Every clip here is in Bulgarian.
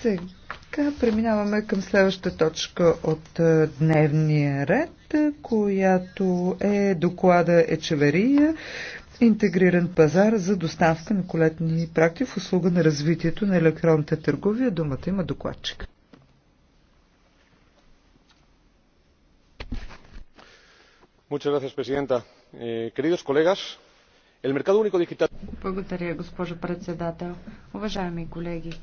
Сега преминаваме към следващата точка от е, дневния ред, която е доклада Ечеверия интегриран пазар за доставка на колетни практи в услуга на развитието на електронната търговия. Думата има докладчик. gracias, presidenta eh, queridos colegas el mercado único digital. Благодаря, госпожо председател. Уважаеми колеги,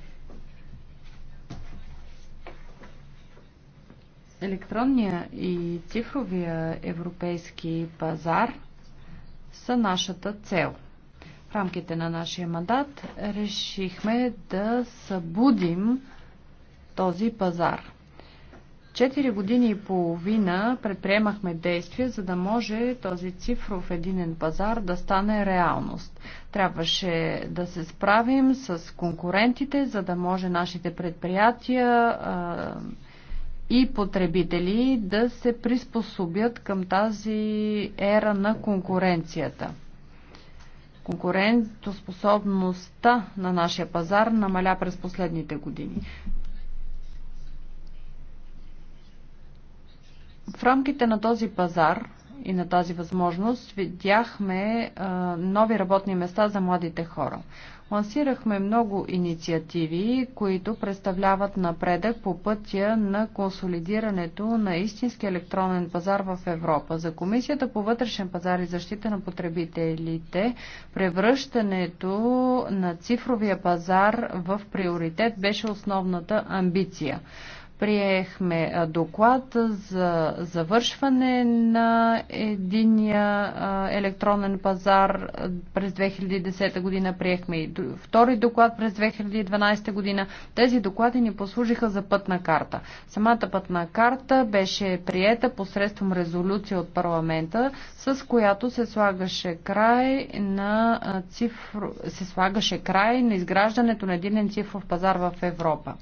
Електронния и цифровия европейски пазар са нашата цел. В рамките на нашия мандат решихме да събудим този пазар. Четири години и половина предприемахме действия, за да може този цифров единен пазар да стане реалност. Трябваше да се справим с конкурентите, за да може нашите предприятия и потребители да се приспособят към тази ера на конкуренцията. Конкурентоспособността на нашия пазар намаля през последните години. В рамките на този пазар и на тази възможност видяхме а, нови работни места за младите хора. Лансирахме много инициативи, които представляват напредък по пътя на консолидирането на истински електронен пазар в Европа. За Комисията по вътрешен пазар и защита на потребителите превръщането на цифровия пазар в приоритет беше основната амбиция приехме доклад за завършване на единия електронен пазар през 2010 година, приехме и втори доклад през 2012 година. Тези доклади ни послужиха за пътна карта. Самата пътна карта беше приета посредством резолюция от парламента, с която се слагаше край на цифро... се слагаше край на изграждането на единен цифров пазар в Европа.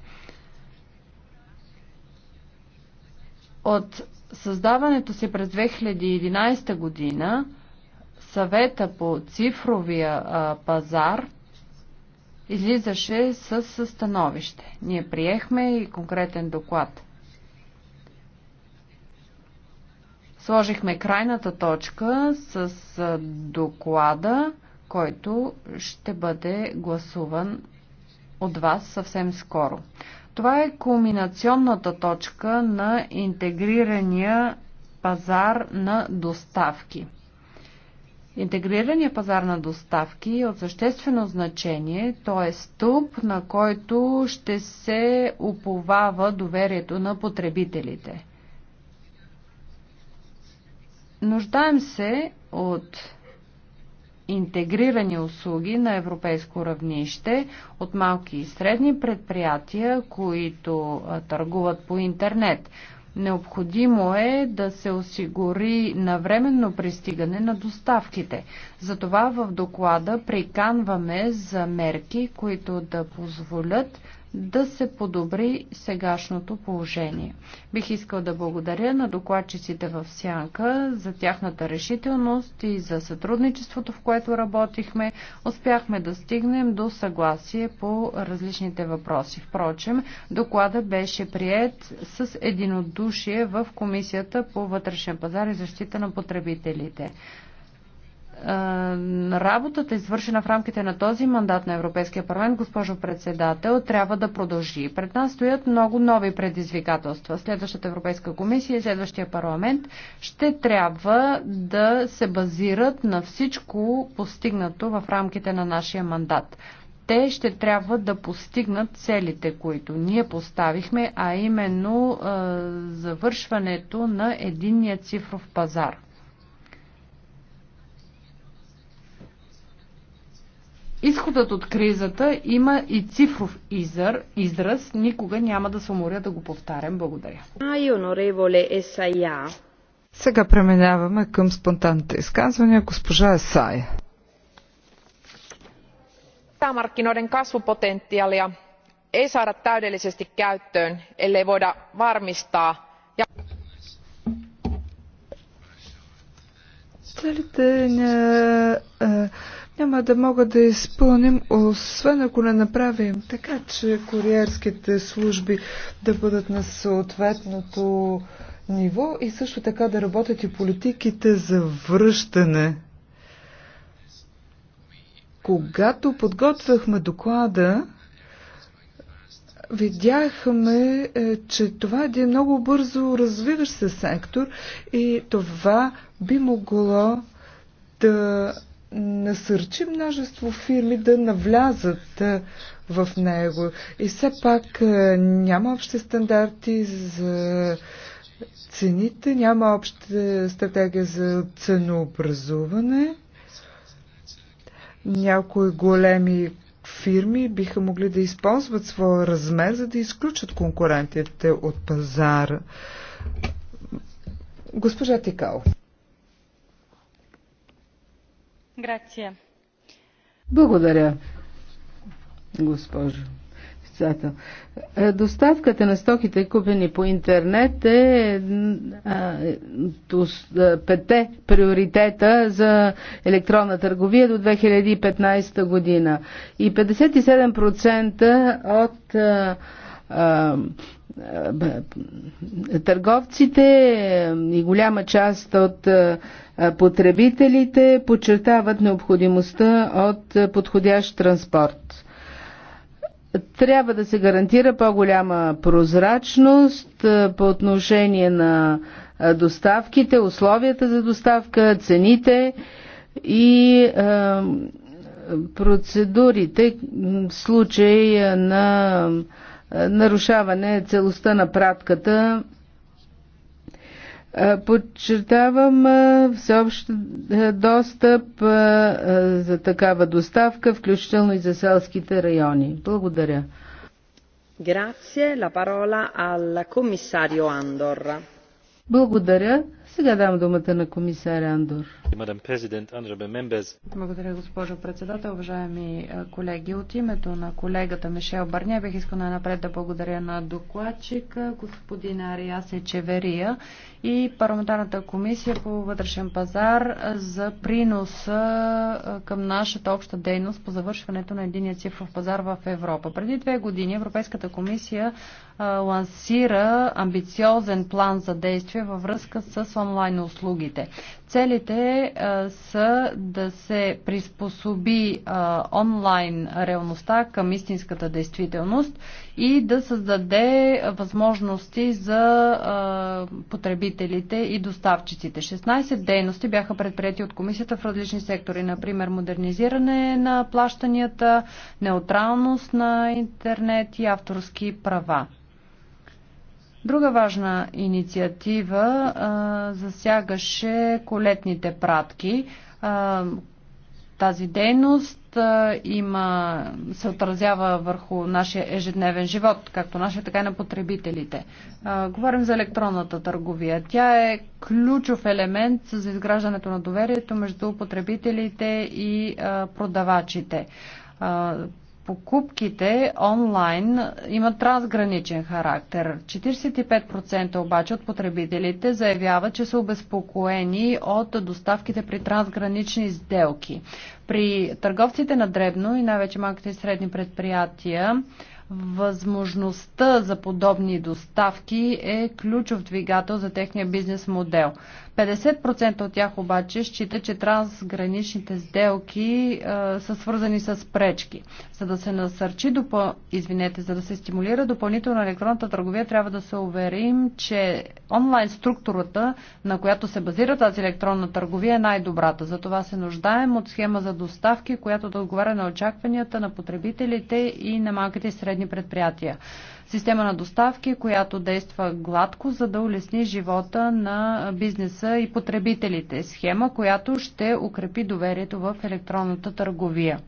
От създаването си през 2011 година съвета по цифровия а, пазар излизаше с становище. Ние приехме и конкретен доклад. Сложихме крайната точка с а, доклада, който ще бъде гласуван от вас съвсем скоро. Това е кулминационната точка на интегрирания пазар на доставки. Интегрирания пазар на доставки е от съществено значение, т.е. стълб, на който ще се уповава доверието на потребителите. Нуждаем се от интегрирани услуги на европейско равнище от малки и средни предприятия, които търгуват по интернет. Необходимо е да се осигури навременно пристигане на доставките. Затова в доклада приканваме за мерки, които да позволят да се подобри сегашното положение. Бих искал да благодаря на докладчиците в Сянка за тяхната решителност и за сътрудничеството, в което работихме. Успяхме да стигнем до съгласие по различните въпроси. Впрочем, доклада беше прият с единодушие в Комисията по вътрешен пазар и защита на потребителите. Е, работата, извършена в рамките на този мандат на Европейския парламент, госпожо председател, трябва да продължи. Пред нас стоят много нови предизвикателства. Следващата Европейска комисия и следващия парламент ще трябва да се базират на всичко постигнато в рамките на нашия мандат. Те ще трябва да постигнат целите, които ние поставихме, а именно е, завършването на единния цифров пазар. Изходът от кризата има и цифров изър, израз. Никога няма да се уморя да го повтарям. Благодаря. Сега преминаваме към спонтанните изказвания. Госпожа Есая. Sisämarkkinoiden kasvupotentiaalia ei saada täydellisesti käyttöön, ellei voida varmistaa ja целите няма да мога да изпълним, освен ако не направим така, че куриерските служби да бъдат на съответното ниво и също така да работят и политиките за връщане. Когато подготвяхме доклада, видяхме, е, че това е един много бързо развиващ се сектор и това би могло да насърчи множество фирми да навлязат в него. И все пак няма общи стандарти за цените, няма обща стратегия за ценообразуване. Някои големи фирми биха могли да използват своя размер, за да изключат конкурентите от пазара. Госпожа Тикал. Грация. Благодаря, госпожо председател. Е, доставката на стоките, купени по интернет, е, е пете приоритета за електронна търговия до 2015 година. И 57% от а, е, търговците и голяма част от потребителите подчертават необходимостта от подходящ транспорт. Трябва да се гарантира по-голяма прозрачност по отношение на доставките, условията за доставка, цените и процедурите в случай на е, нарушаване целостта на пратката. Е, подчертавам е, всеобщ достъп за такава доставка, включително и за селските райони. Благодаря. Grazie, la parola al commissario Andor. Благодаря. Сега дам думата на комисар Андор. Благодаря, госпожо председател. Уважаеми колеги, от името на колегата Мишел Барня бих искал най-напред да благодаря на докладчика, господин Ариас Ечеверия и парламентарната комисия по вътрешен пазар за приноса към нашата обща дейност по завършването на единия цифров пазар в Европа. Преди две години Европейската комисия лансира амбициозен план за действие във връзка с онлайн услугите. Целите а, са да се приспособи а, онлайн реалността към истинската действителност и да създаде възможности за а, потребителите и доставчиците. 16 дейности бяха предприяти от комисията в различни сектори, например модернизиране на плащанията, неутралност на интернет и авторски права. Друга важна инициатива а, засягаше колетните пратки. А, тази дейност а, има, се отразява върху нашия ежедневен живот, както нашия, така и на потребителите. А, говорим за електронната търговия. Тя е ключов елемент за изграждането на доверието между потребителите и а, продавачите покупките онлайн имат трансграничен характер. 45% обаче от потребителите заявяват, че са обезпокоени от доставките при трансгранични сделки. При търговците на дребно и най-вече малките и средни предприятия възможността за подобни доставки е ключов двигател за техния бизнес модел. 50% от тях обаче счита, че трансграничните сделки а, са свързани с пречки. За да се насърчи, допъл... извинете, за да се стимулира допълнително електронната търговия, трябва да се уверим, че онлайн структурата, на която се базира тази електронна търговия, е най-добрата. Затова се нуждаем от схема за доставки, която да отговаря на очакванията на потребителите и на малките и средни предприятия система на доставки, която действа гладко, за да улесни живота на бизнеса и потребителите. Схема, която ще укрепи доверието в електронната търговия.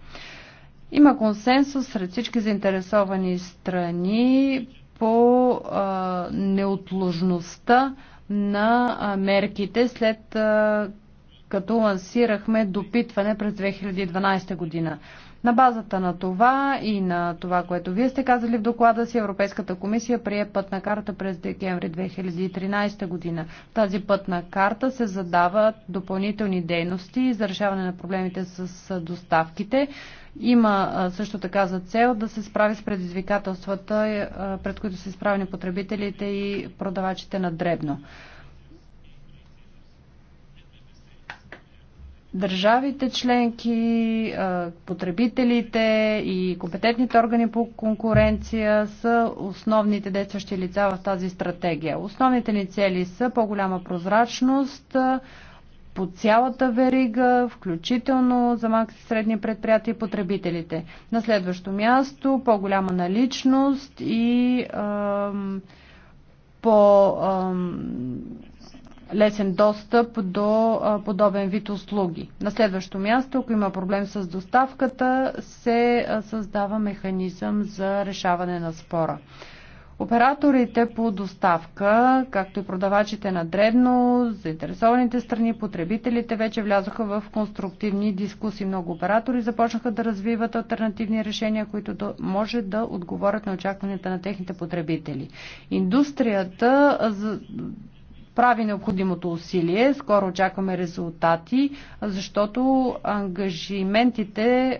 Има консенсус сред всички заинтересовани страни по а, неотложността на мерките след а, като лансирахме допитване през 2012 година. На базата на това и на това, което вие сте казали в доклада си, Европейската комисия прие пътна карта през декември 2013 година. В тази пътна карта се задават допълнителни дейности за решаване на проблемите с доставките. Има също така за цел да се справи с предизвикателствата, пред които са изправени потребителите и продавачите на дребно. държавите членки, потребителите и компетентните органи по конкуренция са основните действащи лица в тази стратегия. Основните ни цели са по-голяма прозрачност по цялата верига, включително за малките и средни предприятия и потребителите. На следващо място по-голяма наличност и по лесен достъп до подобен вид услуги. На следващо място, ако има проблем с доставката, се създава механизъм за решаване на спора. Операторите по доставка, както и продавачите на дребно, заинтересованите страни, потребителите вече влязоха в конструктивни дискусии. Много оператори започнаха да развиват альтернативни решения, които да, може да отговорят на очакванията на техните потребители. Индустрията прави необходимото усилие. Скоро очакваме резултати, защото ангажиментите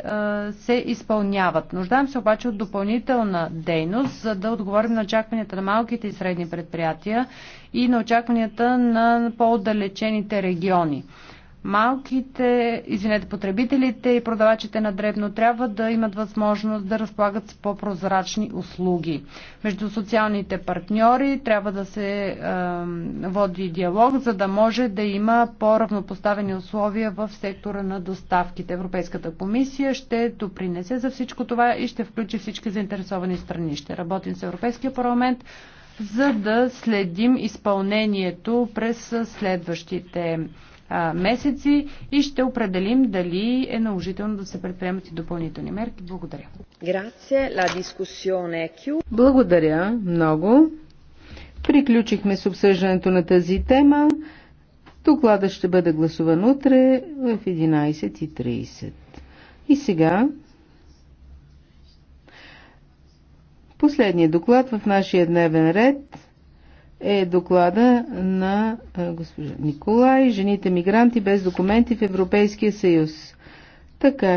се изпълняват. Нуждаем се обаче от допълнителна дейност, за да отговорим на очакванията на малките и средни предприятия и на очакванията на по-отдалечените региони малките, извинете, потребителите и продавачите на дребно трябва да имат възможност да разполагат с по-прозрачни услуги. Между социалните партньори трябва да се е, води диалог, за да може да има по-равнопоставени условия в сектора на доставките. Европейската комисия ще допринесе за всичко това и ще включи всички заинтересовани страни. Ще работим с Европейския парламент за да следим изпълнението през следващите месеци и ще определим дали е наложително да се предприемат и допълнителни мерки. Благодаря. Благодаря много. Приключихме с обсъждането на тази тема. Докладът ще бъде гласуван утре в 11.30. И сега последният доклад в нашия дневен ред е доклада на госпожа Николай «Жените мигранти без документи в Европейския съюз». Така.